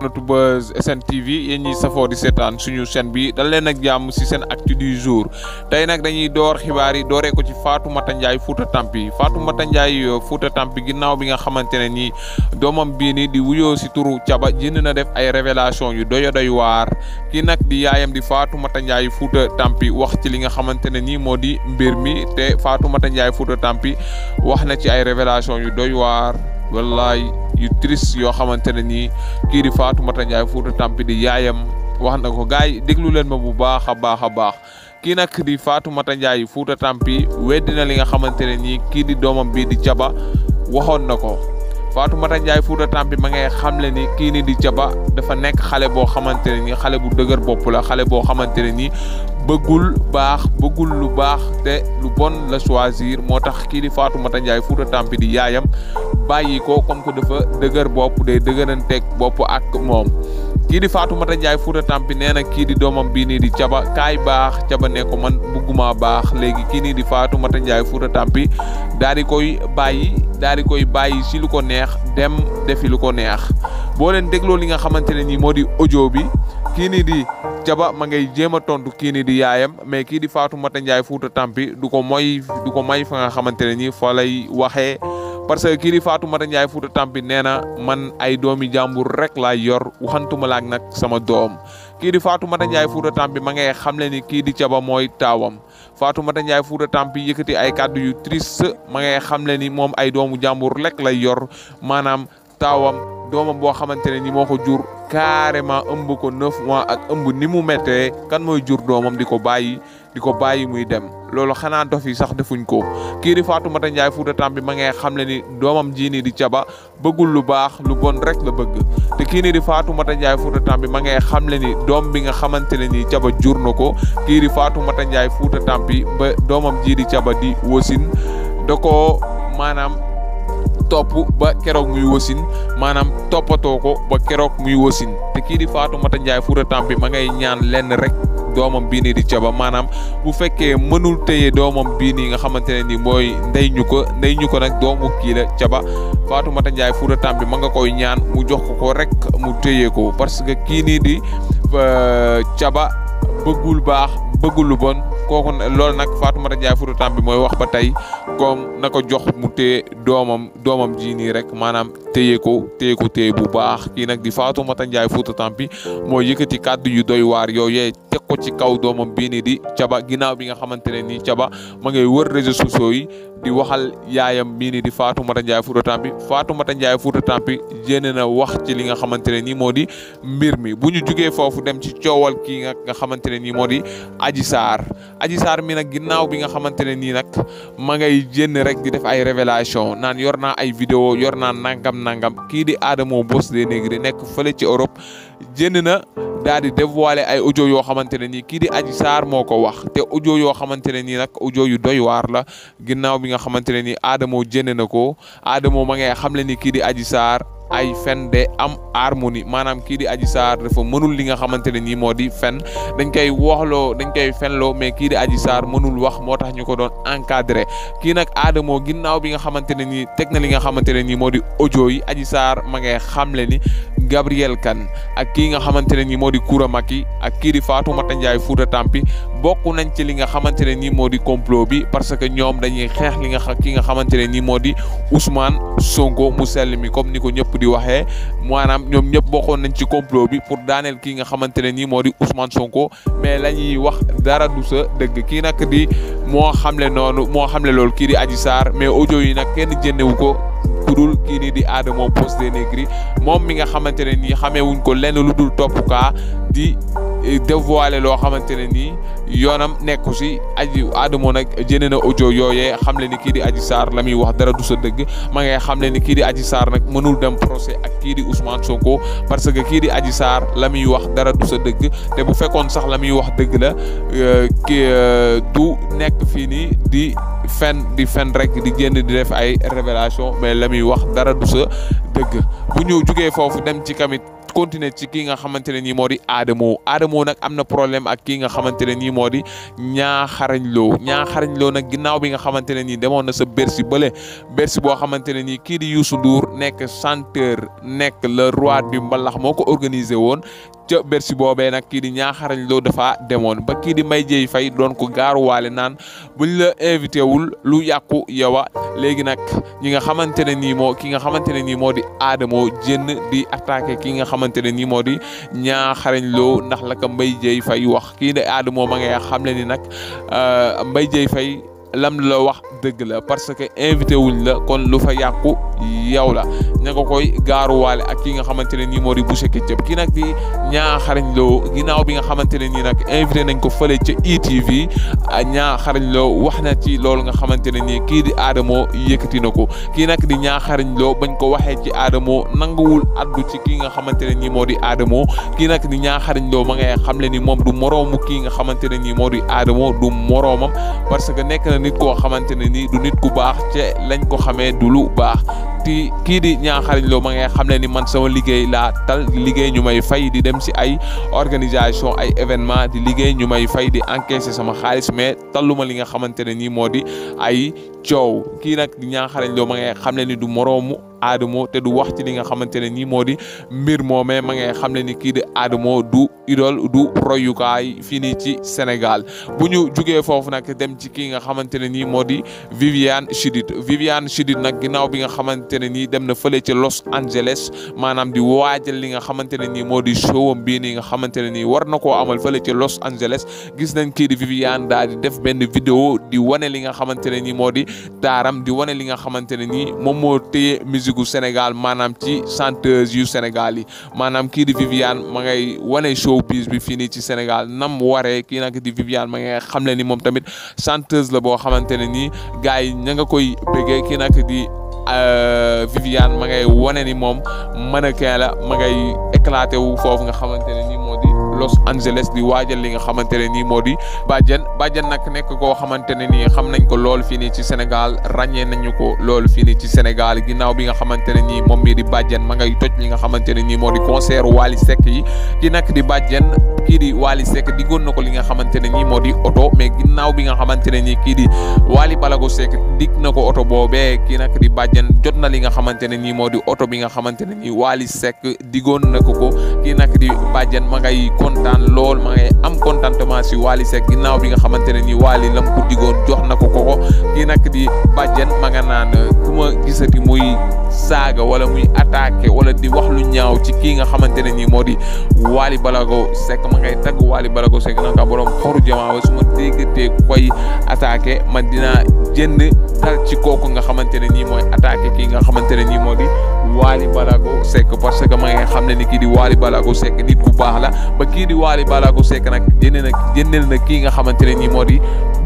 natu Buzz SNTV yéen ñi safoo di seetaan suñu chaîne bi dal leen ak jàmm si seen actu du jour tey nag dañuy door xibaar yi dooree ko ci Fatoumata Ndiaye Fouta Tampi Fatoumata Ndiaye euh, Fouta Tampi ginnaaw bi nga xamante ne nii doomam bii nii di wuyoo si turu Thiaba jënd na def ay révélation yu doy doy waar kii nag di yaayam di faatu Fatoumata njaay Fouta Tampi wax ci li nga xamante ne nii moo di mbir mi te Fatoumata njaay Fouta Tampi wax na ci ay révélation yu doy waar wallaay yu triste yoo xamante ne nii kii di Fatoumata Ndiaye Fouta di yaayam wax na ko gars yi déglu leen ma bu baax a baax a baax kii nag di Fatoumata Ndiaye Fouta Tampi weddi na li nga xamante ne nii kii di doomam bii di Jaba waxoon na ko Fatoumata Ndiaye Fouta Tampi ma ngay xamle ni kii ni di Jaba dafa nekk xale boo xamante ne nii xale bu dëgër bopp xale boo xamante ne nii bëggul baax bëggul lu baax te lu bon la choisir moo tax kii di Fatoumata Ndiaye Fouta Tampi di yaayam bàyyi ko comme que dafa dëgër bopp day dëgëranteeg bopp ak moom kii di Fatoumata njaay Fouta Tampi nee na kii di doomam bii nii di caba kaay baax caba ne ko man bugguma baax léegi kii nii di Fatoumata Ndiaye Fouta Tampi daal di koy bàyyi daal di koy bàyyi si lu ko neex dem defi ko neex boo leen dégloo li nga xamante ne nii moo di audio bi kii di caba ma ngay jéem a tontu kii nii di yaayam mais kii di Fatoumata Ndiaye Fouta Tampi du ko moy du ko may fa nga xamante ne nii fa lay waxee parce que kii di Fatoumata Ndiaye Fouta Tampi nee na man ay doomi jàmbur rek laa yor waxantuma laak nag sama doom kii di Fatoumata Ndiaye Fouta Tampi ma ngay xamle ni kii di Thiaba mooy taawam Fatoumata Ndiaye Fouta Tampi yëkkati ay kàddu yu triste ma ngay xamle ni moom ay doomu jàmbur rek lay yor maanaam taawam doomam boo xamante ne ni moo ko jur carrément ëmb ko neuf mois ak ëmb ni mu méttee kan mooy jur doomam di ko bàyyi di ko bàyyi muy dem loolu xanaa dof yi sax defuñ ko kii di Fatoumata Ndiaye Fouta Tampi ma ngay xam le ni doomam ji nii di caba bëggul lu baax lu bon rek la bëgg te kii di di Fatoumata Ndiaye Fouta Tampi ma ngay xam le ni doom bi nga xamante ne nii caba jur na ko kii di Fatoumata Ndiaye Fouta Tampi ba doomam ji di caba di wasin da ko maanaam topp ba keroog muy wasin maanaam toppatoo ko ba keroog muy wasin te kii di Fatoumata Ndiaye Fouta Tampi ma ngay ñaan lenn rek doomam bii nii di caba maanaam bu fekkee mënul téye doomam bii nii nga xamante ne ni mooy ndey ñu ko ndey ñu ko nag doomu kii la caba Fatoumata Ndiaye Fouta Tampi ma nga koy ñaan mu jox ko ko rek mu téye ko parce que kii nii di caba euh, bëggul baax bëggul lu bon kooku loolu nag Fatoumata Ndiaye Fouta Tampi mooy wax ba tey comme na ko jox mu téye doomam doomam ji nii rek maanaam téye ko téye ko bu baax kii nag di Fatoumata Ndiaye Fouta Tampi moo yëkkati kàddu yu doy waar yooyee teg ko ci kaw doomam bii nii di Thiaba ginaaw bi nga xamante ne nii Thiaba ma ngay wër réseaux yi di waxal yaayam bii nii di Fatoumata Ndiaye Fouta Tampi Fatoumata Ndiaye Fouta Tampi jéene na wax ci li nga xamante ne nii moo di mbir mi bu ñu jugee foofu dem ci coowal kii nga xamante ne nii moo di Adji Adji saar mi nag ginnaaw bi nga xamante ne nii nag ma ngay jénn rek di def ay révélation naan yor naa ay vidéo yor naa nangam nangam kii di Adamo Boss des Negri nekk fële ci Europe jénn na daal di dévoiler ay audio yoo xamante ne nii kii di Adji Sarr moo ko wax te audio yoo xamante ne nii nag audio yu doy waar la ginnaaw bi nga xamante ne nii Adamo jénn na ko Adamo ma xam xamle ni kii di Adji Sarr ay fen de am harmonie maanaam kii di Adji Sarr dafa mënul li nga xamante ne nii moo di fen dañ koy waxloo dañ koy fenloo mais kii di Adji Sarr mënul wax moo tax ñu ko doon encadré kii nag Adamo ginnaaw bi nga xamante ne nii teg na li nga xamante ne nii moo di audio yi Adji Sarr ma ngay xamle ni Gabriel kan ak kii nga xamante ne nii moo di Koura Macky ak kii di Fatoumata Ndiaye Fouta Tampi bokk nañ ci li nga xamante ne nii moo di complot bi parce que ñoom dañuy xeex li nga ki nga xamante ne nii moo di Ousmane Sonko mu sell mi comme ni ko ñëpp di waxee maanaam ñoom ñëpp bokkoon nañ ci complot bi pour daaneel ki nga xamante ne nii moo di Ousmane Sonko mais la ñuy wax dara du sa dëgg kii nag di moo xamle noonu moo xamle loolu kii di Adji Sarr mais audio yi nag kenn jëndewu ko. kudul dul nii di Adamo Poste des Negri moom mi nga xamante ne nii xamee wuñ ko lenn lu dul topp kaa di dévoilé loo xamante ne nii yoonam nekku si aji Adamo nag jëne na audio yooyee xam le ni kii di Adji saar la muy wax dara du sa dëgg ma ngay xam le ni kii di Adji saar nag mënul dem procès ak kii di Ousmane Sonko parce que kii di Adji Sarr la muy wax dara du sa dëgg te bu fekkoon sax la muy wax dëgg la euh, ki euh, du nekk fii nii di fen di fen rek di génn di def ay révélation mais la muy wax dara du sa dëgg bu ñu jugee foofu dem ci continuer ci kii nga xamante ne nii moo di Adamo Adamo nag am na problème ak kii nga xamante ne nii moo di ñaaxarañ loo ñaaxarañ loo nag ginnaaw bi nga xamante ne nii demoon na sa Bercy bële Bercy boo xamante ne nii kii di Youssou Ndour nekk chanteur nekk le roi du mbalax moo ko organisé woon ca Bercy boobee nak kii di ñaaxarañ loo dafa demoon ba kii di may jeey fay doon ko gaaruwaale naan buñ la invité wul lu yàqu yow a léegi nag ñi nga xamante ne nii moo ki nga xamante ne nii moo di aadamoo jénn di attaque ki nga xamante ne nii moo di ñaaxarañ loo ndax la mbay jeey fay wax kii di aadamoo ma ngay xam le ni nag euh, mbay jeey fay lam la wax dëgg la parce que invité wuñ la kon lu fa yàqu yow la ña nga koy gaaruwaale ak ki nga xamante ne nii moo di Boucher Ketchup kii nag di ñaa xarañ loo ginnaaw bi nga xamante ne nii nag invité nañ ko fële ca ITV e ñaa ah, xarañ loo wax na ci lool nga xamante ne nii kii di Adamo yëkkati na ko kii nag di ñaa xarañ loo bañ ko waxee ci Adamo nanguwul addu ci kii nga xamante ne nii moo di Adamo kii nag di ñaa xarañ loo ma ngay xamle ni moom du moroomu kii nga xamante ne nii moo di Adamo du moroomam parce que nekk na nit koo xamante ne nii du nit ku baax ca lañ ko xamee du lu baax ti kii di ma ngay xam ne ni man sama liggéey laa tal di liggéey ñu may fay di dem si ay organisation ay événement di liggéey ñu may fay di encaisser sama xaalis mais talluma li nga xamante ne nii moo di ay coow kii nag di ñaa xarañ loo xam ne ni du moroomu Adamo te du wax ci li nga xamante ne nii moo di mbir moomee ma ngay xam ne ni kii di Adamo du idole du royukaay fii nii ci Sénégal bu ñu jugee foofu nag dem ci kii nga xamante ne nii moo di Viviane Chidid Viviane Chidid nag ginnaaw bi nga xamante ne nii dem na fale ci Los Angeles maanaam di waajal li nga xamante ne nii moo di showam bii nii nga xamante ne nii war na koo amal fële ci Los Angeles gis nañ kii di Viviane daal di def benn vidéo di wane li nga xamante ne nii moo di li nga xamante musique gu Sénégal maanaam ci chanteuse yu Sénégal yi maanaam kii di Viviane ma ngay wane showbiz bi fii nii ci Sénégal nam waree kii nag di Viviane ma ngay xam le ni moom tamit chanteuse la boo xamante ne nii gars yi ña nga koy bëggee kii nag di euh, Viviane ma ngay wane ni moom mannequin la ma ngay nga xamante ne Los Angeles di waajal li nga xamante ne nii moo di Badiane Badiane nag nekk ko xamante ne nii xam nañ ko lool fii nii ci Sénégal ràññee nañu ko lool fii nii ci Sénégal ginnaaw bi nga xamante ne nii moom mii di Badiane ma ngay toj li nga xamante ne nii moo di concert wali sek yi ki nag di Badiane kii di Wally Seck diggoon na ko li nga xamante ne nii moo di oto mais ginnaaw bi nga xamante ne nii kii di Wally Balago Seck dig na ko oto boobee kii nag di bàjjen jot na li nga xamante ne nii moo di oto bi nga xamante ne nii Wally Seck diggoon na ko ko kii nag di bàjjen ma ngay kontaan lool ma ngay am contentement si Wally Seck ginnaaw bi nga xamante ne nii Wally lam ko diggoon jox na ko ko kii nag di bàjjen ma nga ma gisati muy saaga wala muy attaqué wala di wax lu ñaaw ci kii nga xamante nii moo di Wally Balago Seck ma ngay tagg Wally Balago Seck naan ka borom xoru jamaa ba koy attaqué man dinaa jënd dal ci kooku nga xamante ne mooy attaqué kii nga xamante ne nii moo di Waly que ma nga xam ne ni kii di Waly Balago Seck nit ku la ba kii di Waly Balago Seck nag jënd na jëndel na kii nga xamante ne nii moo di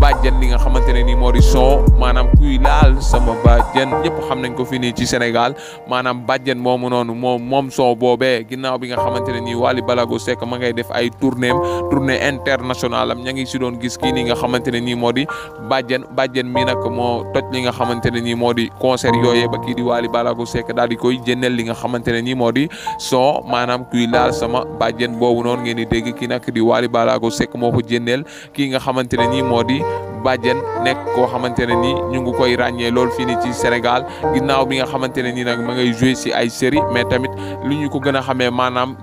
bàjjen li nga xamante ne nii moo di son maanaam kuy laal sama bàjjen ñëpp xam nañ ko fii nii ci Sénégal maanaam bàjjen moomu noonu moom moom son boobee ginnaaw bi nga xamante ne nii Waly Balago sek ma ngay def ay tournée am tournée internationale am ña ngi si doon gis kii nii nga xamante ne nii moo di bàjjen bàjjen mi nag moo toj li nga xamante ne nii moo di concert yooyee ba kii di Wally Ballago Seck daal di koy jëndeel li nga xamante ne nii moo di son maanaam kuy laal sama bàjjen boobu noonu ngeen di dégg kii nag di Wally Ballago Seck moo ko jëndeel kii nga xamante ne nii moo di bàjjen nekk koo xamante ne nii ñu ngi koy ràññee lool fii nii ci Sénégal ginnaaw bi nga xamante ne nii nag ma ngay si ay série mais tamit lu ñu ko gën a xamee maanaam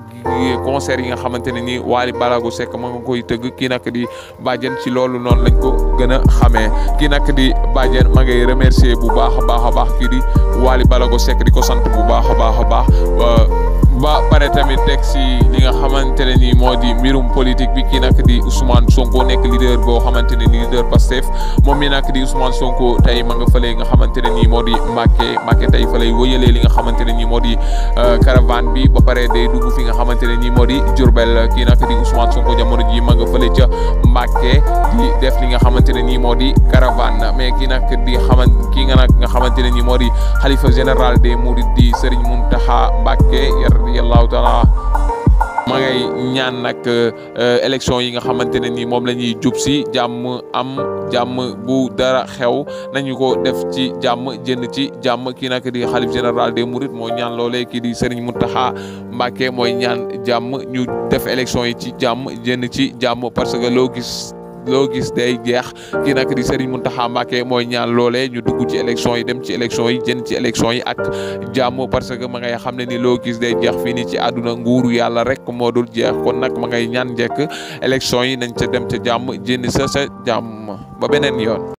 concert yi nga xamante ne nii Waly gu Seck ma nga koy tëgg kii nag di bàjjen ci loolu noonu lañ ko gën a xamee kii nag di bàjjen ma ngay remercier bu baax a baax a baax kii di bala gu Seck di ko sant bu baax a baax a baax ba pare tamit teg si li nga xamante ne nii moo di mbirum politique bi kii nag di Ousmane Sonko nekk leader boo xamante ne nii leader Pastef moom mi nag di Ousmane Sonko tey ma nga fële nga xamante ne nii moo di Mbacké Mbacké tey fa lay wëyalee li nga xamante ne nii moo di euh, caravane bi ba pare day dugg fi nga xamante ne nii moo di Diourbel kii nag di Ousmane Sonko jamono ji ma nga fële ca Mbacké di def li nga xamante ne nii moo di caravane mais kii nag di xaman kii nga nag nga xamante ne nii moo di xalifa général des Mourides di Serigne Mountakha Mbacké yar radiyallahu taala ma ngay ñaan nag euh, élection yi nga xamante ne ni moom la ñuy jub si jàmm am jàmm bu dara xew nañu ko def ci jàmm jënd ci jàmm kii nag di xalif général des mourides mooy ñaan loolee kii di Serigne Mountakha Mbacké mooy ñaan jàmm ñu def élection yi ci jàmm jënd ci jàmm parce que loo gis loo gis day jeex ki nag di Serigne Mountakha Mbacké mooy ñaan loolee ñu dugg ci élection yi dem ci élection yi jën ci élection yi ak jàmm parce que ma ngay xam ne ni loo gis day jeex fii ci àdduna nguuru yàlla rek moo dul jeex kon nag ma ngay ñaan njekk élection yi nañ ca dem ca jàmm jënd sa sa jàmm ba beneen yoon